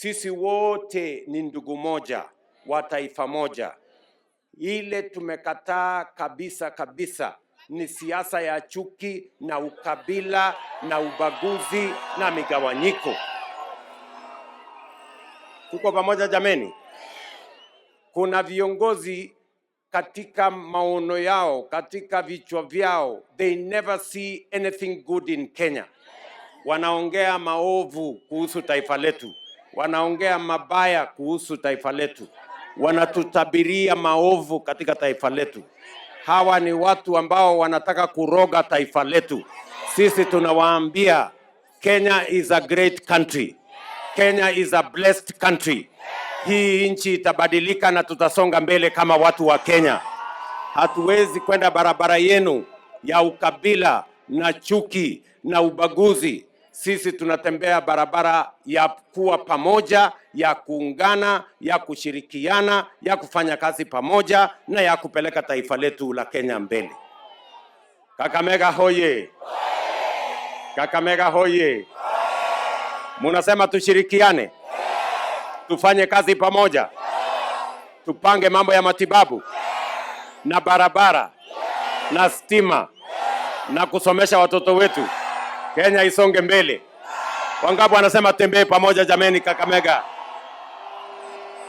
Sisi wote ni ndugu moja wa taifa moja. Ile tumekataa kabisa kabisa ni siasa ya chuki na ukabila na ubaguzi na migawanyiko. Tuko pamoja jameni? Kuna viongozi katika maono yao, katika vichwa vyao, they never see anything good in Kenya. Wanaongea maovu kuhusu taifa letu wanaongea mabaya kuhusu taifa letu, wanatutabiria maovu katika taifa letu. Hawa ni watu ambao wanataka kuroga taifa letu. Sisi tunawaambia Kenya is a great country. Kenya is a blessed country. Hii nchi itabadilika na tutasonga mbele kama watu wa Kenya. Hatuwezi kwenda barabara yenu ya ukabila na chuki na ubaguzi. Sisi tunatembea barabara ya kuwa pamoja, ya kuungana, ya kushirikiana, ya kufanya kazi pamoja na ya kupeleka taifa letu la Kenya mbele. Kakamega hoye! Kakamega hoye! Munasema tushirikiane, tufanye kazi pamoja, tupange mambo ya matibabu na barabara na stima na kusomesha watoto wetu. Kenya isonge mbele. Wangapi wanasema tembee pamoja jameni Kakamega?